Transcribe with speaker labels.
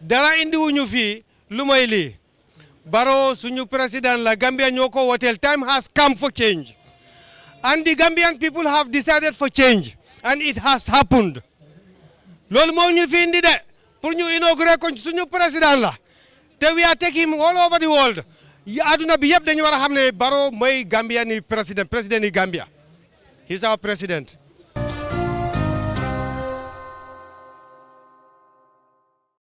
Speaker 1: dara indiwuñu fii lu moy lii baro suñu président la Gambia ñoo ko wooteel time has come for change and the Gambian people have decided for change and it has happened loolu moo ñu fi indi de pour ñu inaugurer ko suñu président la te we are taking him all over the world aduna bi yëpp dañu war a xam ne Barrow mooy Gambia ni président président ni Gambia he's our president